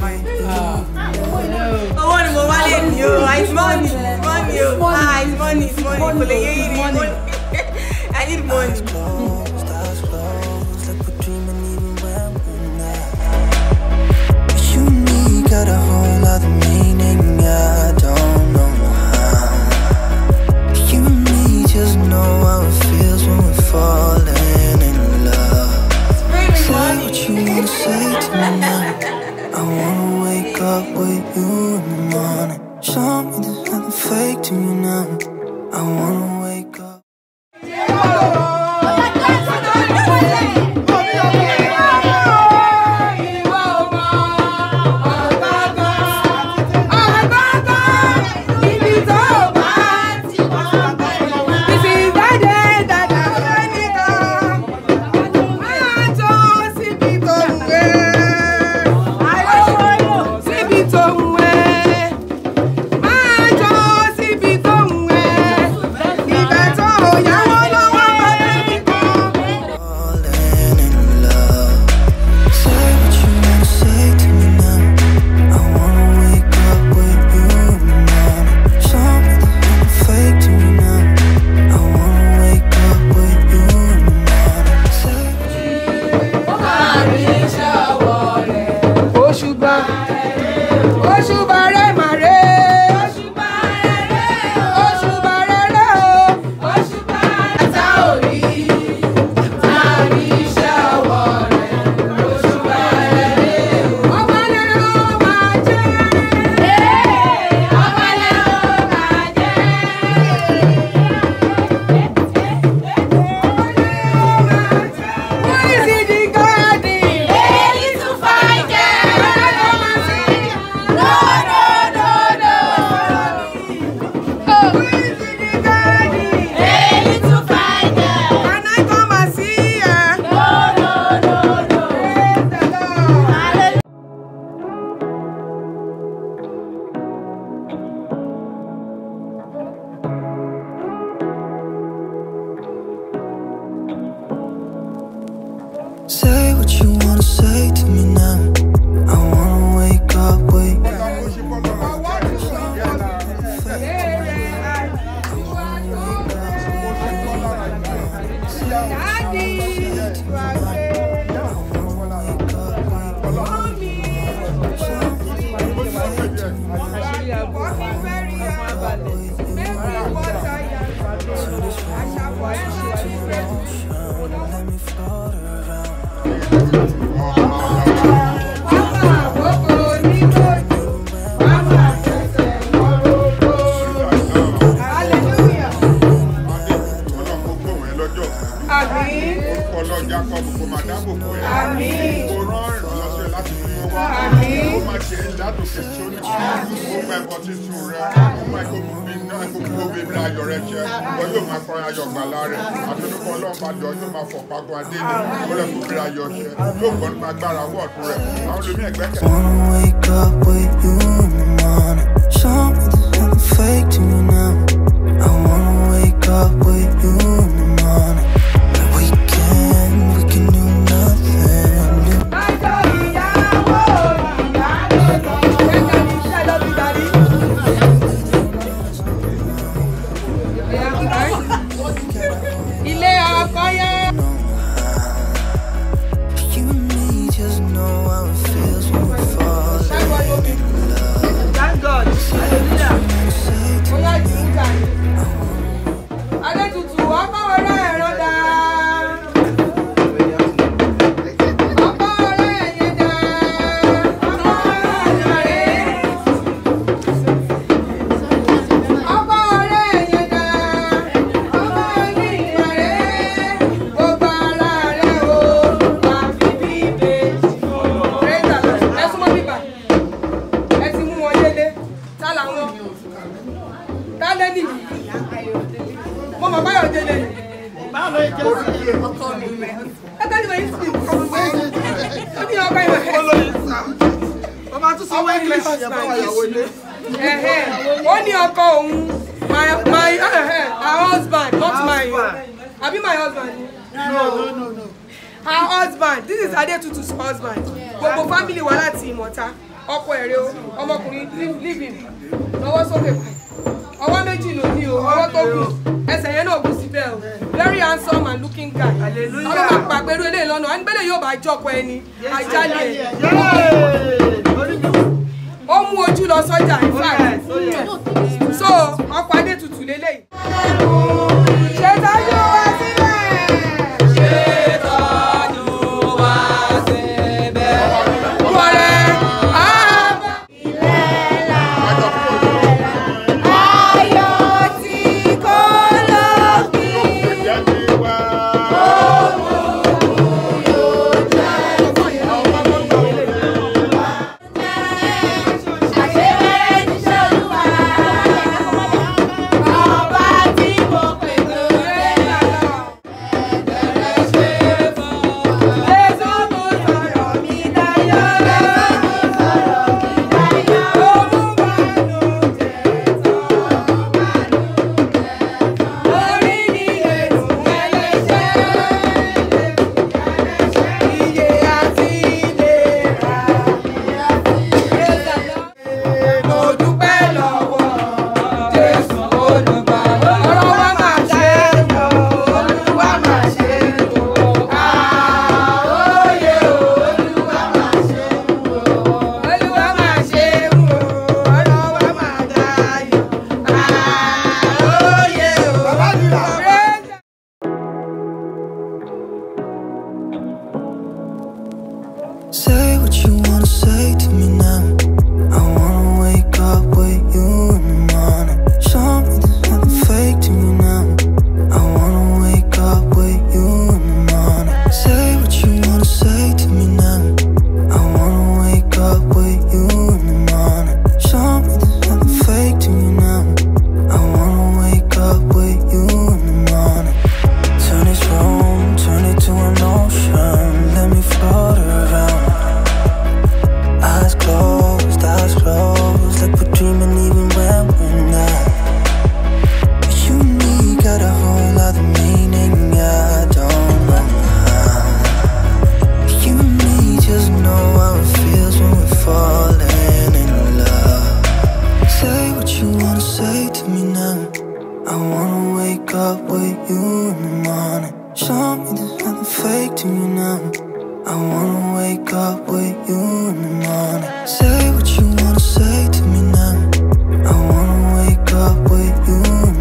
money I need money. fake to you now. I wanna Say what you wanna say to me now àdùnkè sórí ó pa ẹ̀kọ́ títún rẹ ó máa kó gbogbo iná kó gbogbo ibi ayọ̀ rẹ jẹ wọn yóò máa kọrin ayọ̀ gbàlá rẹ àtúntò ọlọ́mọdé yóò máa fọ̀ pagun adé ní ó rẹ̀ kó fi ayọ̀ ṣe yóò gbọ́n nípa agbára wọ́ọ̀tún rẹ̀ àwọn olùmí ẹ̀gbẹ́kẹ̀. mo mọ̀ báyọ̀ délé yìí. báwo my my husband not my Have you my husband. no no no no. her husband this is Adetutu's husband but family wà láti Ìmọ̀ta ọkọ ẹ̀rẹ́ o ọmọkùnrin living No, sókè okay ọwọ́ méjì ló ní o ọwọ́ tó gùn ẹsẹ̀ yẹn náà gùn síbẹ̀ o very handsome and looking guy ọlọ́ máa pàgbé irú eléyìí lọ́nà ẹnibẹ́lẹ̀ yóò bá jọkọ ẹni àjálẹ̀ ó mú ojú lọ sọ́jà in fact oh, so ọkọ̀ adé tutù lélẹ́yìí. say to me now? I wanna wake up with you in the morning. Show me there's nothing fake to me now. I wanna wake up with you in the morning. Say what you wanna say to me now. I wanna wake up with you